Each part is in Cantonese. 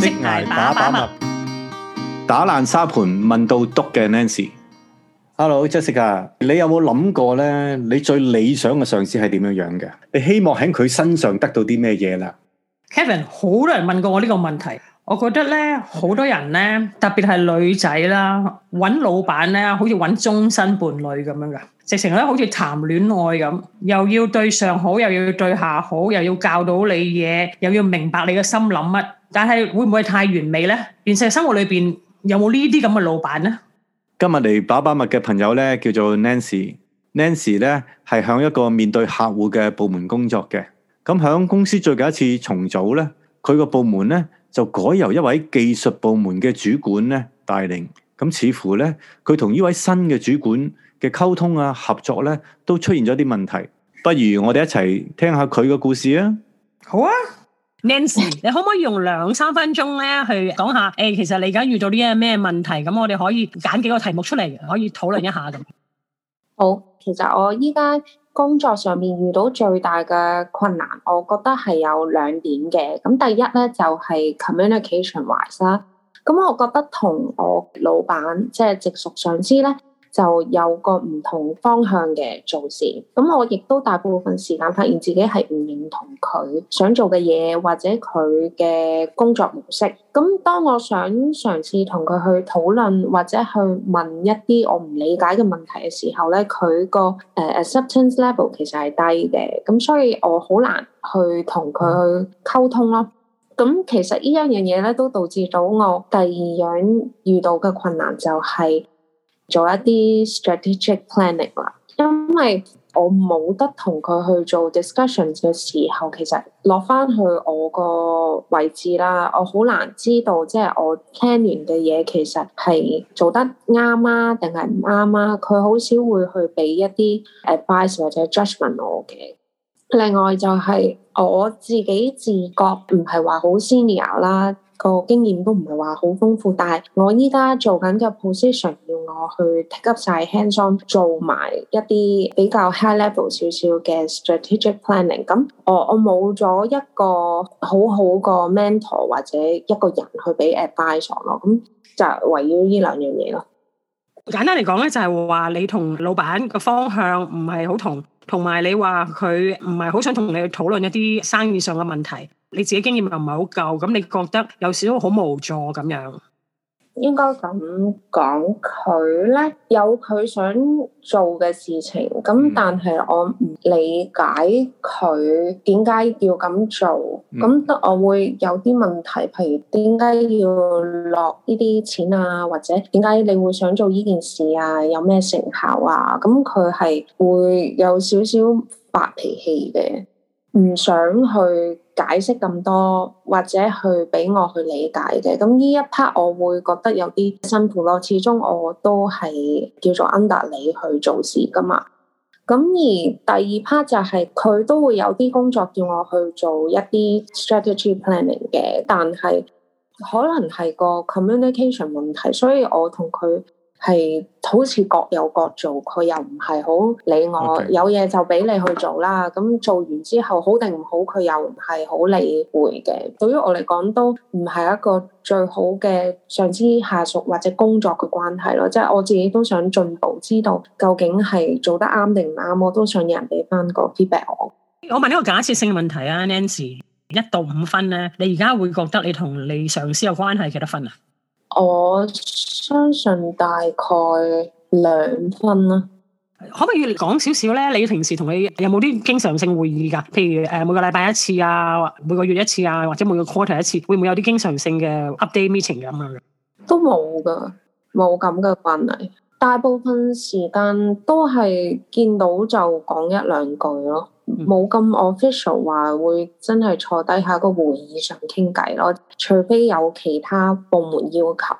職涯把把脈，打爛沙盤，問到篤嘅 Nancy。Hello，Jessica，你有冇諗過咧？你最理想嘅上司係點樣樣嘅？你希望喺佢身上得到啲咩嘢啦？Kevin，好多人問過我呢個問題，我覺得咧，好多人咧，特別係女仔啦，搵老闆咧，好似搵終身伴侶咁樣噶，直情咧好似談戀愛咁，又要對上好，又要對下好，又要教到你嘢，又要明白你嘅心諗乜。但係會唔會太完美咧？現實生活裏邊有冇呢啲咁嘅老闆咧？今日嚟把把脈嘅朋友咧叫做 Nancy，Nancy 咧係向一個面對客戶嘅部門工作嘅。咁響公司最近一次重組咧，佢個部門咧就改由一位技術部門嘅主管咧帶領。咁似乎咧佢同呢位新嘅主管嘅溝通啊合作咧都出現咗啲問題。不如我哋一齊聽下佢嘅故事啊！好啊。Nancy， 你可唔可以用兩三分鐘咧去講下？誒、哎，其實你而家遇到啲咩問題？咁我哋可以揀幾個題目出嚟，可以討論一下咁。 好，其實我依家工作上面遇到最大嘅困難，我覺得係有兩點嘅。咁第一咧就係、是、communication wise 啦。咁我覺得同我老闆即係直屬上司咧。就有個唔同方向嘅做事，咁我亦都大部分時間發現自己係唔認同佢想做嘅嘢，或者佢嘅工作模式。咁當我想嘗試同佢去討論，或者去問一啲我唔理解嘅問題嘅時候咧，佢個誒 acceptance level 其實係低嘅，咁所以我好難去同佢去溝通咯。咁其實呢樣嘢咧都導致到我第二樣遇到嘅困難就係、是，做一啲 strategic planning 啦，因為我冇得同佢去做 discussions 嘅時候，其實落翻去我個位置啦，我好難知道即係、就是、我聽完嘅嘢其實係做得啱啊，定係唔啱啊？佢好少會去俾一啲 advice 或者 judgment 我嘅。另外就係我自己自覺唔係話好 senior 啦。個經驗都唔係話好豐富，但係我依家做緊嘅 position 要我去 take up 曬 hands on，做埋一啲比較 high level 少少嘅 strategic planning。咁我我冇咗一個好好個 mentor 或者一個人去俾 advice 咯。咁就係圍繞呢兩樣嘢咯。簡單嚟講咧，就係話你同老闆個方向唔係好同，同埋你話佢唔係好想同你討論一啲生意上嘅問題。你自己經驗又唔係好夠，咁你覺得有少少好無助咁樣？應該咁講佢咧，有佢想做嘅事情，咁但係我唔理解佢點解要咁做，咁、嗯、我會有啲問題，譬如點解要落呢啲錢啊，或者點解你會想做呢件事啊，有咩成效啊？咁佢係會有少少發脾氣嘅。唔想去解釋咁多，或者去俾我去理解嘅。咁呢一 part 我會覺得有啲辛苦咯。始終我都係叫做 under 你去做事噶嘛。咁而第二 part 就係、是、佢都會有啲工作叫我去做一啲 strategy planning 嘅，但係可能係個 communication 問題，所以我同佢，係好似各有各做，佢又唔係好理我，Okay. 有嘢就俾你去做啦。咁做完之後好定唔好，佢又唔係好理會嘅。對於我嚟講，都唔係一個最好嘅上司下屬或者工作嘅關係咯。即係我自己都想進步，知道究竟係做得啱定唔啱，我都想有人俾翻個 feedback 我。我問呢個假設性嘅問題啊，Nancy，一到五分咧，你而家會覺得你同你上司有關係幾多分啊？我相信大概兩分啦，可唔可以講少少咧？你平時同佢有冇啲經常性會議噶？譬如誒、呃，每個禮拜一次啊，或每個月一次啊，或者每個 quarter 一次，會唔會有啲經常性嘅 update meeting 咁樣啊？都冇噶，冇咁嘅慣例。大部分時間都係見到就講一兩句咯。冇咁 official 話會真係坐低喺個會議上傾偈咯，除非有其他部門要求。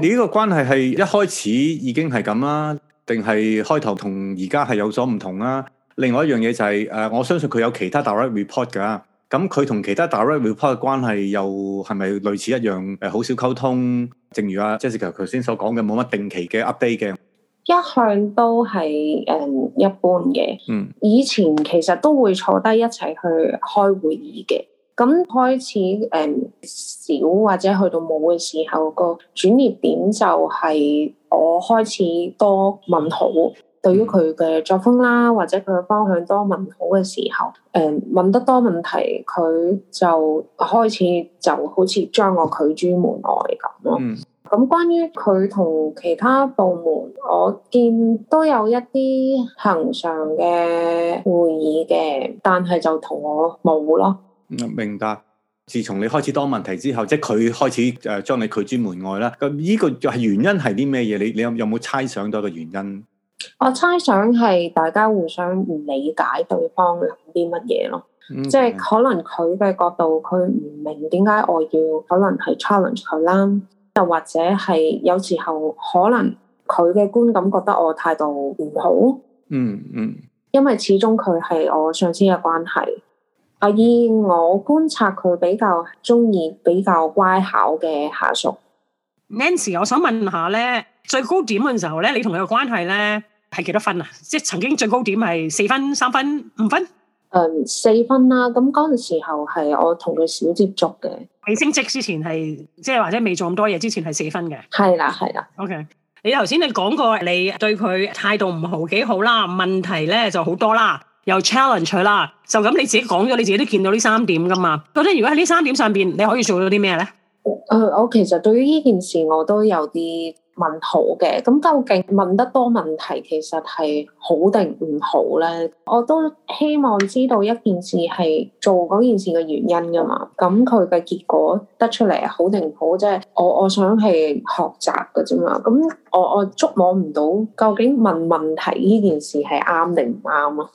呢個關係係一開始已經係咁啦，定係開頭同而家係有所唔同啦？另外一樣嘢就係、是、誒，我相信佢有其他 direct report 㗎，咁佢同其他 direct report 嘅關係又係咪類似一樣誒？好少溝通，正如阿 Jessica 頭先所講嘅，冇乜定期嘅 update 嘅。一向都係誒、嗯、一般嘅，以前其實都會坐低一齊去開會議嘅。咁開始誒少、嗯、或者去到冇嘅時候，個轉捩點就係我開始多問好，嗯、對於佢嘅作風啦，或者佢嘅方向多問好嘅時候，誒、嗯、問得多問題，佢就開始就好似將我拒諸門外咁咯。嗯咁、嗯、關於佢同其他部門，我見都有一啲恒常嘅會議嘅，但係就同我冇咯。明白。自從你開始多問題之後，即係佢開始誒、呃、將你拒之門外啦。咁依個係原因係啲咩嘢？你你有有冇猜想到個原因？我猜想係大家互相唔理解對方諗啲乜嘢咯。Okay. 即係可能佢嘅角度，佢唔明點解我要可能係 challenge 佢啦。又或者係有時候可能佢嘅觀感覺得我態度唔好，嗯嗯，嗯因為始終佢係我上司嘅關係。而以，我觀察佢比較中意比較乖巧嘅下屬。Nancy，我想問下咧，最高點嘅時候咧，你同佢嘅關係咧係幾多分啊？即係曾經最高點係四分、三分、五分。誒、嗯，四分啦，咁嗰陣時候係我同佢少接觸嘅。未升職之前係，即係或者未做咁多嘢之前係四分嘅。係啦，係啦。OK，你頭先你講過你對佢態度唔好，幾好啦，問題咧就好多啦，又 challenge 佢啦，就咁你自己講咗，你自己都見到呢三點噶嘛。咁如果喺呢三點上邊，你可以做到啲咩咧？誒、呃，我其實對於呢件事，我都有啲。問好嘅，咁究竟問得多問題其實係好定唔好咧？我都希望知道一件事係做嗰件事嘅原因噶嘛。咁佢嘅結果得出嚟好定唔好，即係我我想係學習嘅啫嘛。咁我我捉摸唔到究竟問問題呢件事係啱定唔啱啊？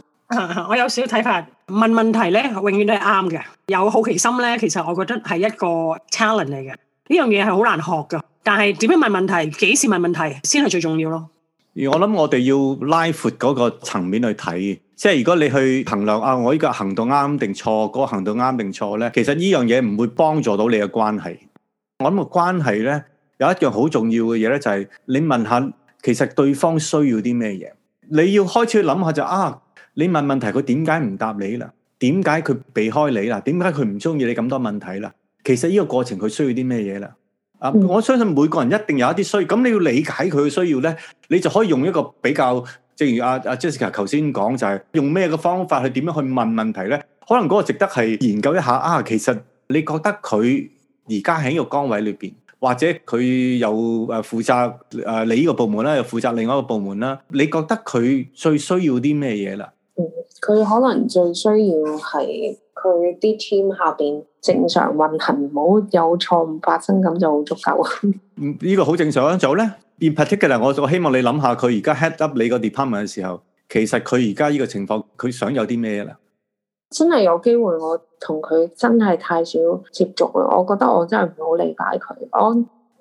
我有少少睇法，問問題咧永遠都係啱嘅。有好奇心咧，其實我覺得係一個 talent 嚟嘅，呢樣嘢係好難學噶。但係點樣問問題？幾時問問題先係最重要咯。我諗我哋要拉闊嗰個層面去睇，即係如果你去衡量啊，我依個行動啱定錯，嗰個行動啱定錯咧，其實呢樣嘢唔會幫助到你嘅關係。我諗個關係咧有一樣好重要嘅嘢咧，就係你問下，其實對方需要啲咩嘢？你要開始諗下就啊，你問問題佢點解唔答你啦？點解佢避開你啦？點解佢唔中意你咁多問題啦？其實呢個過程佢需要啲咩嘢啦？嗯、我相信每個人一定有一啲需要。咁你要理解佢嘅需要咧，你就可以用一個比較，正如阿、啊、阿、啊、Jessica 頭先講，就係、是、用咩嘅方法去點樣去問問題咧？可能嗰個值得係研究一下啊。其實你覺得佢而家喺呢個崗位裏邊，或者佢有誒負責誒、呃、你呢個部門啦，又負責另外一個部門啦，你覺得佢最需要啲咩嘢啦？佢、嗯、可能最需要係佢啲 team 下邊。正常運行，唔好有錯誤發生咁就好足夠。嗯，呢、這個好正常啊，仲有咧。In particular，我我希望你諗下，佢而家 head up 你個 department 嘅時候，其實佢而家呢個情況，佢想有啲咩啦？真係有機會，我同佢真係太少接觸啦。我覺得我真係唔好理解佢。我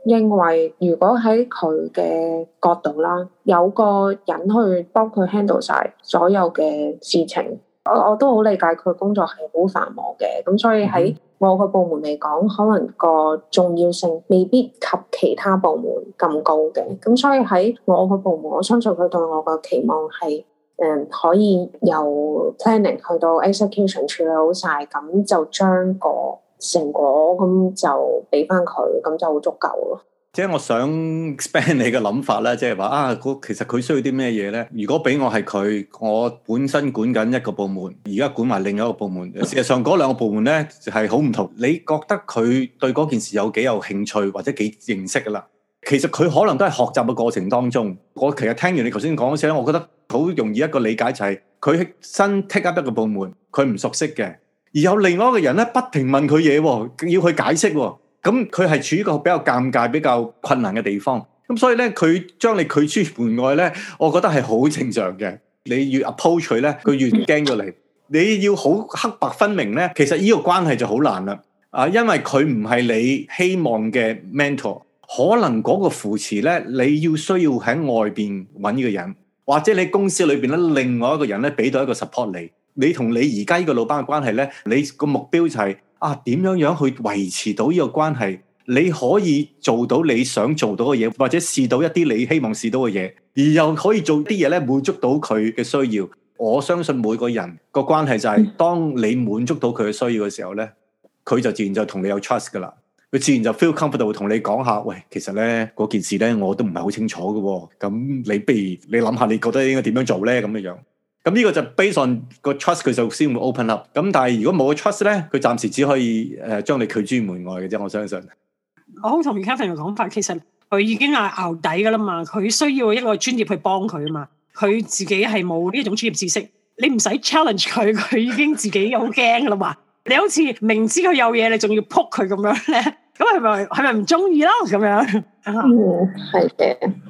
認為，如果喺佢嘅角度啦，有個人去幫佢 handle 晒所有嘅事情。我我都好理解佢工作係好繁忙嘅，咁所以喺我個部門嚟講，嗯、可能個重要性未必及其他部門咁高嘅，咁所以喺我個部門，我相信佢對我個期望係，誒、嗯、可以由 planning 去到 execution 處理好晒，咁就將個成果咁就俾翻佢，咁就好足夠咯。即係我想 expand 你嘅諗法咧，即係話啊，其實佢需要啲咩嘢咧？如果俾我係佢，我本身管緊一個部門，而家管埋另一個部門，事實上嗰兩個部門咧係好唔同。你覺得佢對嗰件事有幾有興趣或者幾認識噶啦？其實佢可能都係學習嘅過程當中。我其實聽完你頭先講嘅時候，我覺得好容易一個理解就係佢新 take up 一個部門，佢唔熟悉嘅，而有另外一個人咧不停問佢嘢，要去解釋。咁佢係處於一個比較尷尬、比較困難嘅地方，咁所以咧，佢將你拒之門外咧，我覺得係好正常嘅。你越 approach 佢咧，佢越驚咗你。你要好黑白分明咧，其實呢個關係就好難啦。啊，因為佢唔係你希望嘅 mentor，可能嗰個扶持咧，你要需要喺外邊揾呢個人，或者你喺公司裏邊咧，另外一個人咧俾到一個 support 你。你同你而家呢個老闆嘅關係咧，你個目標就係。啊，點樣樣去維持到呢個關係？你可以做到你想做到嘅嘢，或者試到一啲你希望試到嘅嘢，而又可以做啲嘢咧滿足到佢嘅需要。我相信每個人個關係就係，當你滿足到佢嘅需要嘅時候咧，佢就自然就同你有 trust 㗎啦。佢自然就 feel comfortable 同你講下，喂，其實咧嗰件事咧我都唔係好清楚嘅喎。咁你不如你諗下，你覺得應該點樣做咧？咁嘅樣。咁呢個就 based on 個 trust 佢就先會 open up。咁但係如果冇個 trust 咧，佢暫時只可以誒、呃、將你拒諸門外嘅啫。我相信。我好同意 Kevin 嘅講法，其實佢已經係熬底㗎啦嘛，佢需要一個專業去幫佢啊嘛，佢自己係冇呢一種專業知識。你唔使 challenge 佢，佢已經自己好驚㗎啦嘛。你好似明知佢有嘢，你仲要撲佢咁樣咧？咁係咪係咪唔中意囉？咁樣嚇。係嘅、嗯。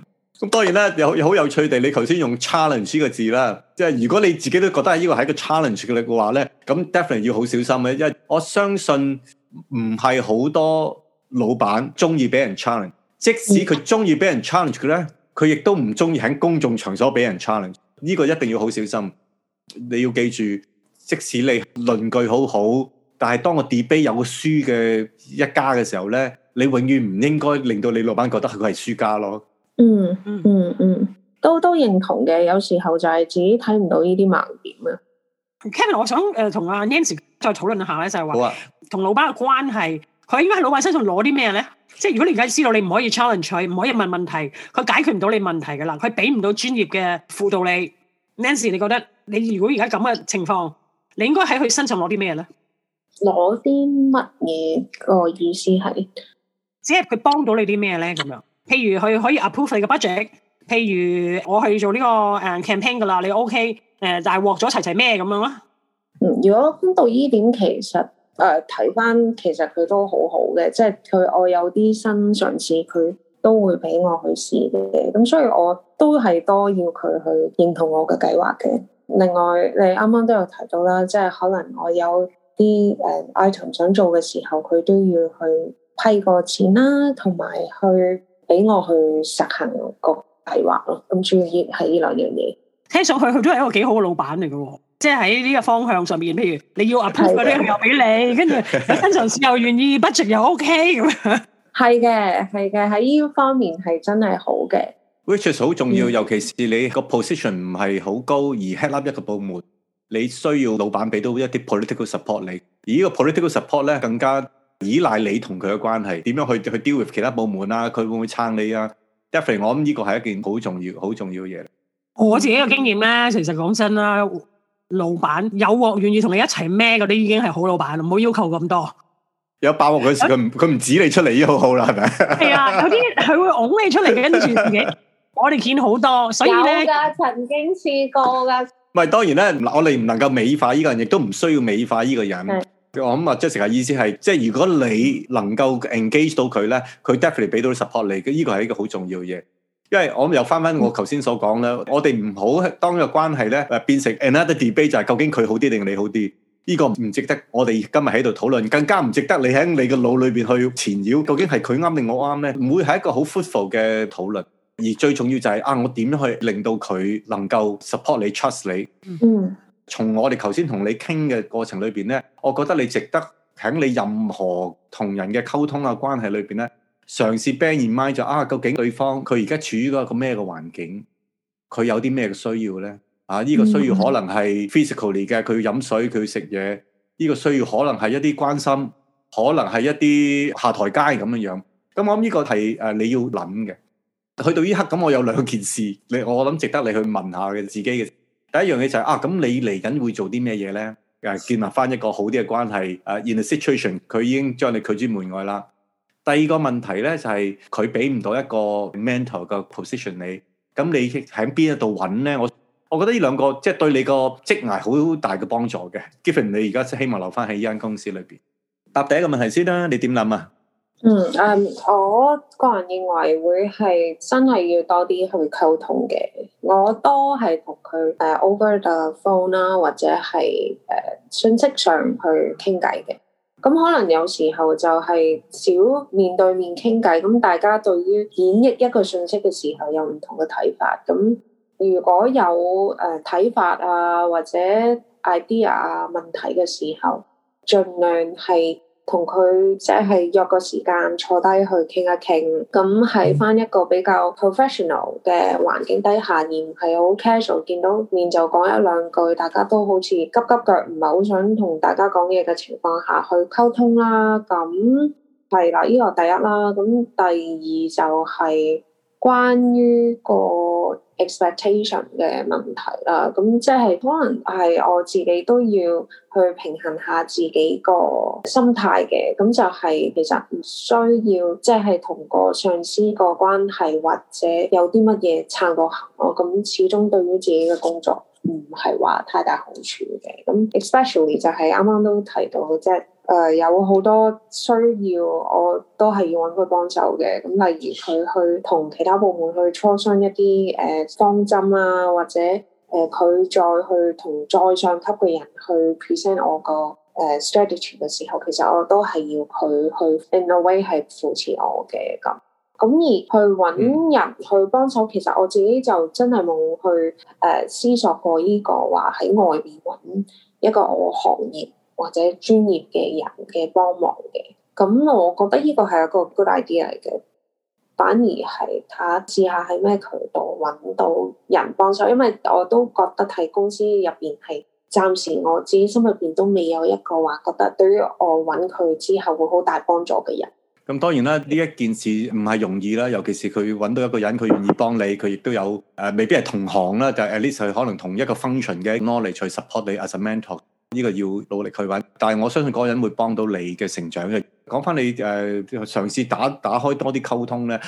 咁當然啦，有好有趣地，你頭先用 challenge 呢個字啦，即係如果你自己都覺得呢個係一個 challenge 嘅力嘅話呢，咁 definitely 要好小心咧，因為我相信唔係好多老闆中意俾人 challenge，即使佢中意俾人 challenge 佢呢，佢亦都唔中意喺公眾場所俾人 challenge。呢個一定要好小心，你要記住，即使你論據好好，但係當 de 個 debate 有個輸嘅一家嘅時候呢，你永遠唔應該令到你老闆覺得佢係輸家咯。嗯嗯嗯嗯，都都認同嘅。有時候就係自己睇唔到呢啲盲點啊。Kevin，我想誒同、呃、阿 Nancy 再討論下咧，就係話同老闆嘅關係，佢應該喺老闆身上攞啲咩咧？即係如果你而家知道，你唔可以 challenge 佢，唔可以問問題，佢解決唔到你問題嘅啦。佢俾唔到專業嘅輔導你。Nancy，你覺得你如果而家咁嘅情況，你應該喺佢身上攞啲咩咧？攞啲乜嘢個意思係？即係佢幫到你啲咩咧？咁樣？譬如佢可以 approve 你個 budget，譬如我去做呢個誒 campaign 噶啦，你 OK 誒、呃，但係獲咗齊齊咩咁樣咯、嗯？如果翻到呢點，其實誒睇翻，呃、其實佢都好好嘅，即係佢我有啲新嘗試，佢都會俾我去試嘅。咁所以我都係多要佢去認同我嘅計劃嘅。另外，你啱啱都有提到啦，即係可能我有啲誒、呃、item 想做嘅時候，佢都要去批個錢啦，同埋去。俾我去實行個計劃咯，咁主要係呢兩樣嘢。聽上去佢都係一個幾好嘅老闆嚟嘅喎，即係喺呢個方向上面，譬如你要 approve 嗰啲又俾你，你跟住新薪酬又願意，budget 算又 OK 咁 樣。係嘅，係嘅，喺呢方面係真係好嘅。Which is 好重要，hmm. 尤其是你個 position 唔係好高，而 head up 一個部門，你需要老闆俾到一啲 political support 你，而個呢個 political support 咧更加。依賴你同佢嘅關係，點樣去去 deal with 其他部門啊？佢會唔會撐你啊？Definitely，我諗呢個係一件好重要、好重要嘅嘢。我自己嘅經驗咧，其實講真啦，老闆有鑊願意同你一齊孭嗰啲，已經係好老闆，唔好要求咁多。有爆鑊嗰時，佢唔佢唔指你出嚟，好好啦，係咪？係啊，有啲佢會拱你出嚟嘅，跟住自己 我哋見好多，所以咧曾經試過噶。唔係當然咧，我哋唔能夠美化呢個人，亦都唔需要美化呢個人。我諗啊 Jessica 嘅意思係，即係如果你能夠 engage 到佢咧，佢 definitely 俾到 support 你，呢、這個係一個好重要嘅嘢。因為我諗又翻翻，我頭先所講啦，我哋唔好當個關係咧、呃、變成 another debate，就係究竟佢好啲定你好啲？呢、這個唔值得我哋今日喺度討論，更加唔值得你喺你嘅腦裏邊去纏繞，究竟係佢啱定我啱咧？唔會係一個好 fruitful 嘅討論。而最重要就係啊，我點去令到佢能夠 support 你、trust 你。嗯。從我哋頭先同你傾嘅過程裏邊咧，我覺得你值得喺你任何同人嘅溝通啊關係裏邊咧，嘗試 bear in mind 就啊，究竟對方佢而家處於、那個一個咩嘅環境，佢有啲咩嘅需要咧？啊，呢、這個需要可能係 physically 嘅，佢要飲水，佢要食嘢，呢、這個需要可能係一啲關心，可能係一啲下台階咁樣樣。咁我諗呢個係誒、呃、你要諗嘅。去到呢刻咁，我有兩件事，你我諗值得你去問下嘅自己嘅。第一樣嘢就係、是、啊，咁你嚟緊會做啲咩嘢咧？誒、啊，建立翻一個好啲嘅關係。誒、啊、in a situation 佢已經將你拒之門外啦。第二個問題咧就係佢俾唔到一個 mentor 嘅 position 你，咁你喺邊一度揾咧？我我覺得呢兩個即係、就是、對你個職涯好大嘅幫助嘅。given 你而家希望留翻喺呢間公司裏邊，答第一個問題先啦，你點諗啊？嗯，嗯，我個人認為會係真係要多啲去溝通嘅。我多係同佢誒 over the phone 啦，或者係誒信息上去傾偈嘅。咁可能有時候就係少面對面傾偈，咁大家對於演繹一個信息嘅時候有唔同嘅睇法。咁如果有誒睇法啊，或者 idea 啊問題嘅時候，盡量係。同佢即係約個時間坐低去傾一傾，咁喺翻一個比較 professional 嘅環境底下，而唔係好 casual 見到面就講一兩句，大家都好似急急腳，唔係好想同大家講嘢嘅情況下去溝通啦。咁係啦，呢個第一啦。咁第二就係關於個。expectation 嘅問題啦，咁即係可能係我自己都要去平衡下自己個心態嘅，咁就係其實唔需要即係同個上司個關係或者有啲乜嘢撐個行咯，咁始終對於自己嘅工作唔係話太大好處嘅，咁 especially 就係啱啱都提到即係。誒、uh, 有好多需要，我都係要揾佢幫手嘅。咁例如佢去同其他部門去磋商一啲誒、呃、方針啊，或者誒佢、呃、再去同再上級嘅人去 present 我個誒 strategy 嘅時候，其實我都係要佢去 in a way 係扶持我嘅咁。咁而去揾人去幫手，嗯、其實我自己就真係冇去誒、呃、思索過呢、這個話，喺外面揾一個我行業。或者專業嘅人嘅幫忙嘅，咁我覺得呢個係一個 good idea 嚟嘅。反而係睇下試下喺咩渠道揾到人幫手，因為我都覺得喺公司入邊係暫時我自己心入邊都未有一個話覺得對於我揾佢之後會好大幫助嘅人。咁、嗯、當然啦，呢一件事唔係容易啦，尤其是佢揾到一個人佢願意幫你，佢亦都有誒、呃，未必係同行啦，就係 at least 可能同一個 function 嘅 knowledge 去 support 你 as a mentor。呢個要努力去揾，但係我相信嗰個人會幫到你嘅成長嘅。講翻你誒，呃、嘗試打打開多啲溝通咧，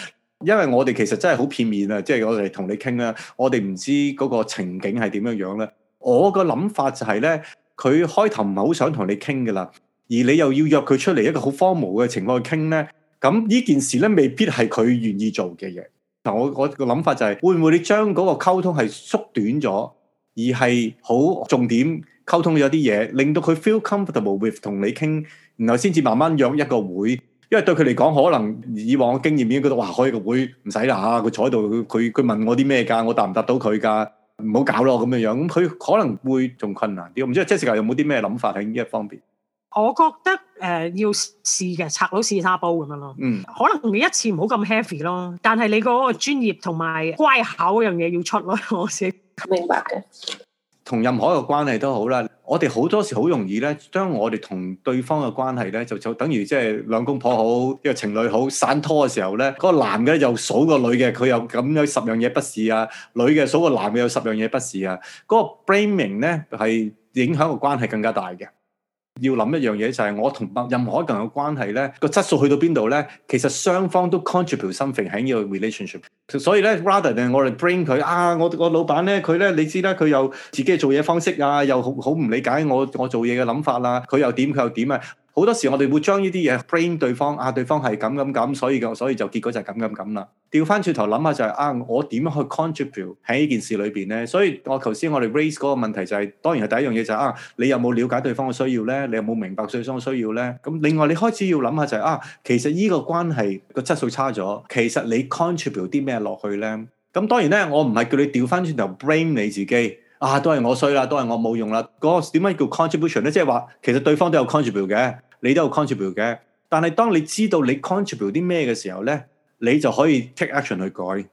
因為我哋其實真係好片面啊，即係我哋同你傾啦，我哋唔知嗰個情景係點樣樣咧。我個諗法就係、是、咧，佢開頭唔係好想同你傾噶啦，而你又要約佢出嚟一個好荒謬嘅情況去傾咧，咁呢件事咧未必係佢願意做嘅嘢。嗱，我我個諗法就係、是、會唔會你將嗰個溝通係縮短咗？而係好重點溝通咗啲嘢，令到佢 feel comfortable with 同你傾，然後先至慢慢約一個會。因為對佢嚟講，可能以往嘅經驗已經覺得哇，開個會唔使啦嚇，佢坐喺度，佢佢佢問我啲咩㗎，我答唔答到佢㗎，唔好搞咯咁樣樣。咁佢可能會仲困難啲，唔知 Jessica 有冇啲咩諗法喺呢一方面？我覺得誒、呃、要試嘅，拆到試沙煲咁樣咯。嗯，可能你一次唔好咁 happy 咯，但係你個專業同埋乖巧嗰樣嘢要出咯，我 明白嘅，同任何一個關係都好啦。我哋好多時好容易咧，將我哋同對方嘅關係咧，就就等於即係兩公婆好，一個情侶好，散拖嘅時候咧，嗰個男嘅又數個女嘅，佢又咁樣十樣嘢不是啊，女嘅數個男嘅又十樣嘢不是啊，嗰個 blaming 咧係影響個關係更加大嘅。要諗一樣嘢就係、是、我同任何一個人嘅關係咧，個質素去到邊度咧，其實雙方都 contribute something 喺呢個 relationship。所以咧 rather than 我嚟 bring 佢啊，我我老闆咧佢咧，你知啦，佢又自己做嘢方式啊，又好唔理解我我做嘢嘅諗法啦，佢又點佢又點啊。好多時我哋會將呢啲嘢 blame 對方啊，對方係咁咁咁，所以嘅所以就結果就係咁咁咁啦。調翻轉頭諗下就係、是、啊，我點樣去 contribute 喺呢件事裏邊咧？所以我頭先我哋 raise 嗰個問題就係、是，當然係第一樣嘢就係、是、啊，你有冇了解對方嘅需要咧？你有冇明白對方嘅需要咧？咁另外你開始要諗下就係、是、啊，其實呢個關係個質素差咗，其實你 contribute 啲咩落去咧？咁當然咧，我唔係叫你調翻轉頭 blame 你自己。啊！都係我衰啦，都係我冇用啦。嗰、那個點解叫 contribution 咧？即係話，其實對方都有 contribute 嘅，你都有 contribute 嘅。但係當你知道你 contribute 啲咩嘅時候咧，你就可以 take action 去改。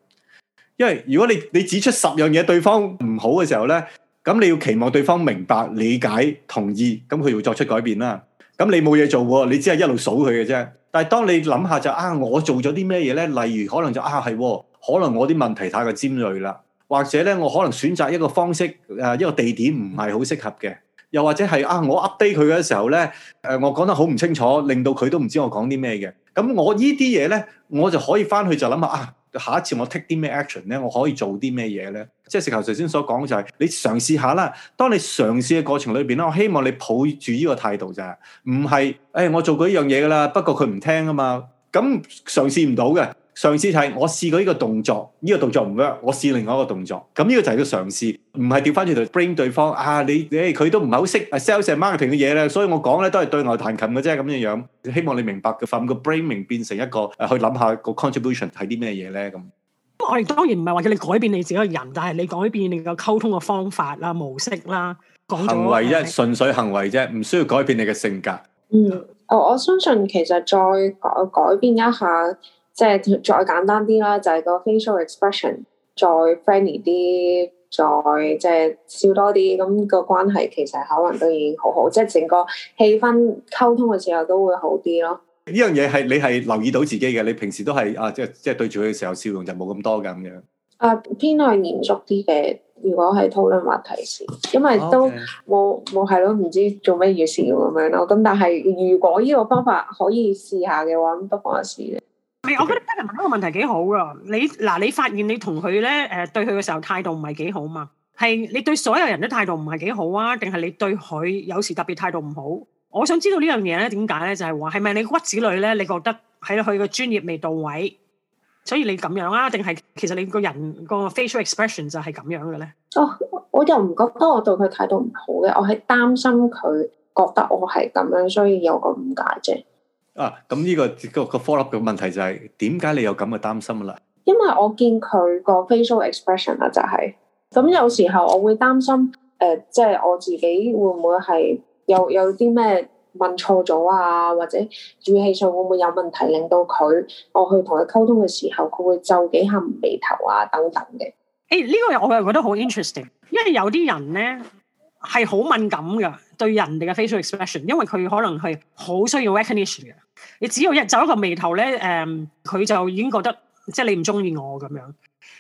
因為如果你你指出十樣嘢對方唔好嘅時候咧，咁你要期望對方明白、理解、同意，咁佢會作出改變啦。咁你冇嘢做喎，你只係一路數佢嘅啫。但係當你諗下就，啊，我做咗啲咩嘢咧？例如可能就，啊，係可能我啲問題太過尖鋭啦。或者咧，我可能選擇一個方式，誒一個地點唔係好適合嘅。又或者係啊，我 update 佢嘅時候咧，誒、呃、我講得好唔清楚，令到佢都唔知我講啲咩嘅。咁我呢啲嘢咧，我就可以翻去就諗下啊，下一次我 take 啲咩 action 咧，我可以做啲咩嘢咧。即係石頭頭先所講就係、是，你嘗試下啦。當你嘗試嘅過程裏邊咧，我希望你抱住呢個態度就係，唔係誒我做過一樣嘢噶啦，不過佢唔聽啊嘛，咁嘗試唔到嘅。嘗試係我試過呢個動作，呢、呢個動作唔 work，我試另外一個動作。咁呢個就係個嘗試，唔係調翻轉頭 bring 對方啊！你你佢都唔係好識 sales 同 marketing 嘅嘢咧，所以我講咧都係對牛彈琴嘅啫咁樣樣。希望你明白嘅 from 個 bringing 變成一個誒、啊、去諗下個 contribution 係啲咩嘢咧咁。我哋當然唔係話叫你改變你自己個人，但係你改變你個溝通嘅方法啦、模式啦，行為啫，是純粹行為啫，唔需要改變你嘅性格。嗯，我我相信其實再改改變一下。即係再簡單啲啦，就係個 facial expression 再 friendly 啲，再即係笑多啲，咁個關係其實可能都已經好好，即係 整個氣氛溝通嘅時候都會好啲咯。呢樣嘢係你係留意到自己嘅，你平時都係啊，即係即係對住佢嘅時候笑容就冇咁多嘅咁樣。啊，偏向嚴肅啲嘅，如果係討論話題時，因為都冇冇係咯，唔 Okay. 知做咩要笑咁樣咯。咁但係如果呢個方法可以試下嘅話，咁不妨試咧。我覺得主持人問呢個問題幾好噶，你，嗱，你發現你同佢咧，誒，對佢嘅時候態度唔係幾好嘛，係你對所有人都態度唔係幾好啊，定係你對佢有時特別態度唔好？我想知道呢樣嘢咧點解咧，就係話係咪你骨子裡咧，你覺得喺佢個專業未到位，所以你咁樣啊？定係其實你個人個 facial expression 就係咁樣嘅咧？哦，我又唔覺得我對佢態度唔好嘅，我係擔心佢覺得我係咁樣，所以有個誤解啫。啊，咁、這、呢個、這個、這個 follow 嘅問題就係點解你有咁嘅擔心啦？因為我見佢個 facial expression 啦、就是，就係咁有時候我會擔心，誒、呃，即、就、係、是、我自己會唔會係有有啲咩問錯咗啊，或者語氣上會唔會有問題，令到佢我去同佢溝通嘅時候，佢會皺幾下眉頭啊等等嘅。誒，呢個我又覺得好 interesting，因為有啲人咧。係好敏感嘅，對人哋嘅 facial expression，因為佢可能係好需要 recognition 嘅。你只要一皺一個眉頭咧，誒、嗯，佢就已經覺得即係你唔中意我咁樣。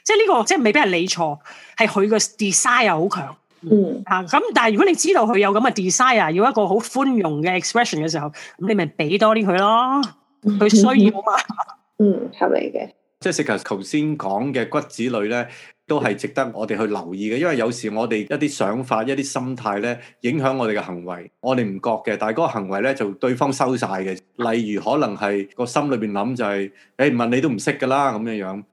即係呢、這個即係未必係你錯，係佢嘅 desire 好強。嗯啊，咁但係如果你知道佢有咁嘅 desire，要一個好寬容嘅 expression 嘅時候，咁你咪俾多啲佢咯，佢需要嘛。嗯，係咪嘅？即係涉及頭先講嘅骨子裏咧。都係值得我哋去留意嘅，因為有時我哋一啲想法、一啲心態咧，影響我哋嘅行為。我哋唔覺嘅，但係嗰個行為咧就對方收晒嘅。例如可能係個心裏邊諗就係、是：，誒問你都唔識㗎啦咁樣樣。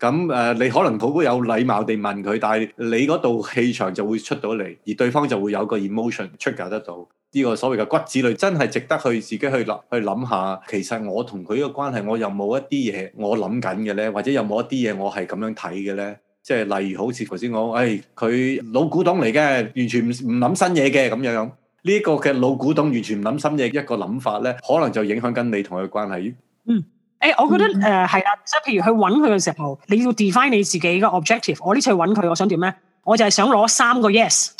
咁誒、嗯呃，你可能好有禮貌地問佢，但係你嗰度氣場就會出到嚟，而對方就會有個 emotion trigger 得到呢、這個所謂嘅骨子裏，真係值得去自己去諗去諗下。其實我同佢嘅關係，我又冇一啲嘢我諗緊嘅咧，或者有冇一啲嘢我係咁樣睇嘅咧？即係例如好似頭先我，誒、哎、佢老古董嚟嘅，完全唔唔諗新嘢嘅咁樣。呢、這個嘅老古董完全唔諗新嘢一個諗法咧，可能就影響緊你同佢嘅關係。嗯，誒、哎，我覺得誒係啦，即係、嗯呃、譬如去揾佢嘅時候，你要 define 你自己個 objective。我呢次去揾佢，我想點咧？我就係想攞三個 yes。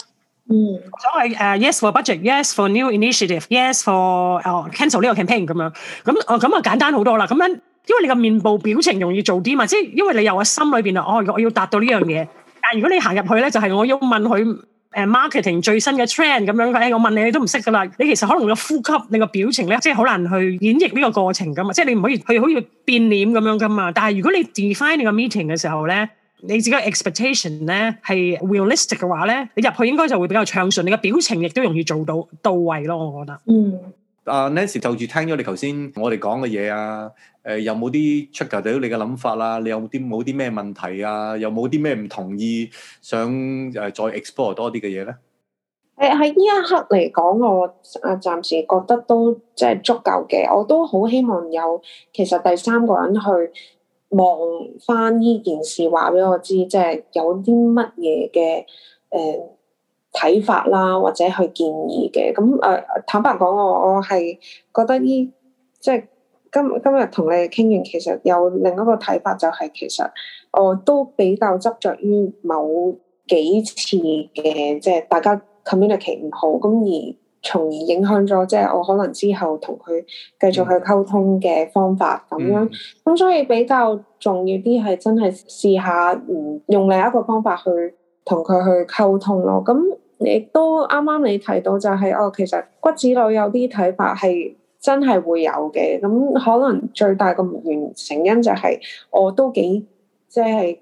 嗯，所謂誒、uh, yes for budget，yes for new initiative，yes for、uh, cancel 呢個 campaign 咁樣。咁啊咁啊就簡單好多啦。咁樣。因為你個面部表情容易做啲嘛，即係因為你由我心裏邊啊，哦，我要達到呢樣嘢。但係如果你行入去咧，就係、是、我要問佢誒、uh, marketing 最新嘅 trend 咁樣嘅，誒、哎，我問你，你都唔識噶啦。你其實可能個呼吸、你個表情咧，即係好難去演繹呢個過程噶嘛，即係你唔可以，佢好似變臉咁樣噶嘛。但係如果你 define 你個 meeting 嘅時候咧，你自己嘅 expectation 咧係 realistic 嘅話咧，你入去應該就會比較暢順，你個表情亦都容易做到到位咯。我覺得，嗯，阿 Nancy 就住聽咗你頭先我哋講嘅嘢啊。誒、呃、有冇啲出 r i 到你嘅諗法啦、啊？你有冇啲冇啲咩問題啊？有冇啲咩唔同意想誒、呃、再 explore 多啲嘅嘢咧？誒喺呢一刻嚟講，我啊暫時覺得都即係足夠嘅。我都好希望有其實第三個人去望翻呢件事，話俾我知，即係有啲乜嘢嘅誒睇法啦，或者去建議嘅。咁誒、呃、坦白講，我我係覺得呢。即係。今今日同你哋傾完，其實有另一個睇法，就是，就係其實我都比較執着於某幾次嘅，即、就、係、是、大家 communicate 唔好，咁而從而影響咗，即、就、係、是、我可能之後同佢繼續去溝通嘅方法咁、嗯、樣。咁、嗯、所以比較重要啲係真係試下，嗯，用另一個方法去同佢去溝通咯。咁你都啱啱你提到就係、是、哦，其實骨子裏有啲睇法係。真係會有嘅，咁可能最大嘅原成因就係、是、我都幾即係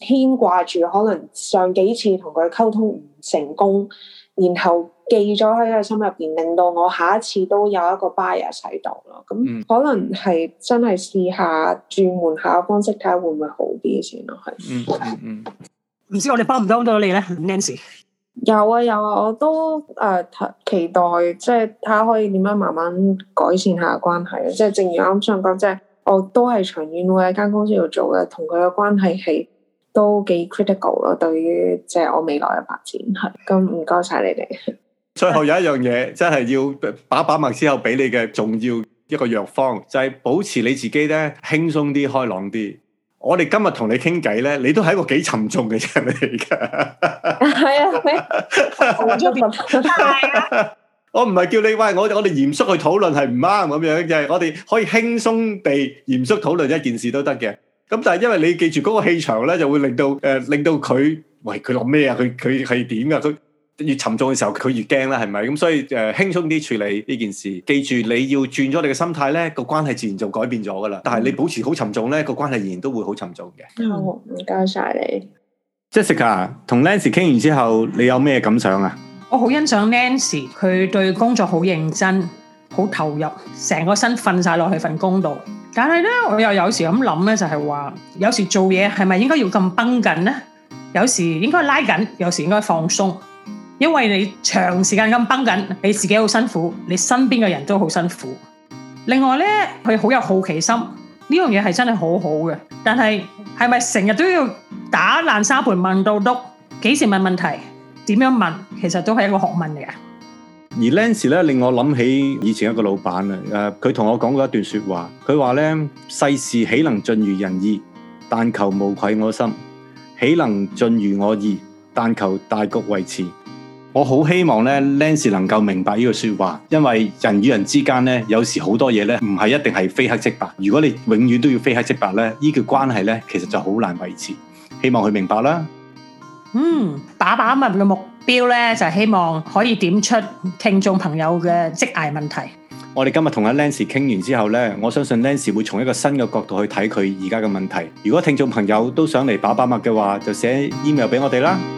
牽掛住，可能上幾次同佢溝通唔成功，然後記咗喺佢心入邊，令到我下一次都有一個 bias 喺度咯。咁可能係真係試下轉換下方式，睇下會唔會好啲先咯。係、嗯，嗯嗯，唔 知我哋幫唔幫到你咧，Nancy。有啊有啊，我都誒、呃、期待，即係睇下可以點樣慢慢改善下關係。即係正如啱啱先講，即係我都係長遠會喺間公司度做嘅，同佢嘅關係係都幾 critical 咯。對於即係我未來嘅發展，係。咁唔該晒你哋。最後有一樣嘢真係要把把脈之後俾你嘅重要一個藥方，就係、是、保持你自己咧輕鬆啲、開朗啲。我哋今日同你傾偈咧，你都係一個幾沉重嘅人嚟噶。係啊，好中意。我唔係叫你喂，我我哋嚴肅去討論係唔啱咁樣，即係我哋可以輕鬆地嚴肅討論一件事都得嘅。咁但係因為你記住嗰個氣場咧，就會令到誒，令到佢喂佢諗咩啊？佢佢係點噶？佢。越沉重嘅時候，佢越驚啦，係咪咁？所以誒，輕鬆啲處理呢件事，記住你要轉咗你嘅心態咧，個關係自然就改變咗噶啦。但係你保持好沉重咧，個關係仍然都會好沉重嘅。好，唔該晒你。Jessica 同 Nancy 傾完之後，你有咩感想啊？我好欣賞 Nancy，佢對工作好認真，好投入，成個身瞓晒落去份工度。但係咧，我又有時咁諗咧，就係話有時做嘢係咪應該要咁繃緊咧？有時應該拉緊，有時應該放鬆。因為你長時間咁繃緊，你自己好辛苦，你身邊嘅人都好辛苦。另外咧，佢好有好奇心，呢樣嘢係真係好好嘅。但係係咪成日都要打爛沙盤問到篤？幾時問問題？點樣問？其實都係一個學問嚟嘅。而 Nancy 咧，令我諗起以前一個老闆啊，誒，佢同我講過一段說話，佢話咧：世事豈能盡如人意？但求無愧我心；豈能盡如我意？但求大局維持。我好希望咧 Nancy 能夠明白呢句說話，因為人與人之間咧，有時好多嘢咧，唔係一定係非黑即白。如果你永遠都要非黑即白咧，呢、這個關係咧，其實就好難維持。希望佢明白啦。嗯，把把脈嘅目標咧，就係、希望可以點出聽眾朋友嘅職涯問題。我哋今日同阿 Nancy 傾完之後咧，我相信 Nancy 會從一個新嘅角度去睇佢而家嘅問題。如果聽眾朋友都想嚟把把脈嘅話，就寫 email 俾我哋啦。嗯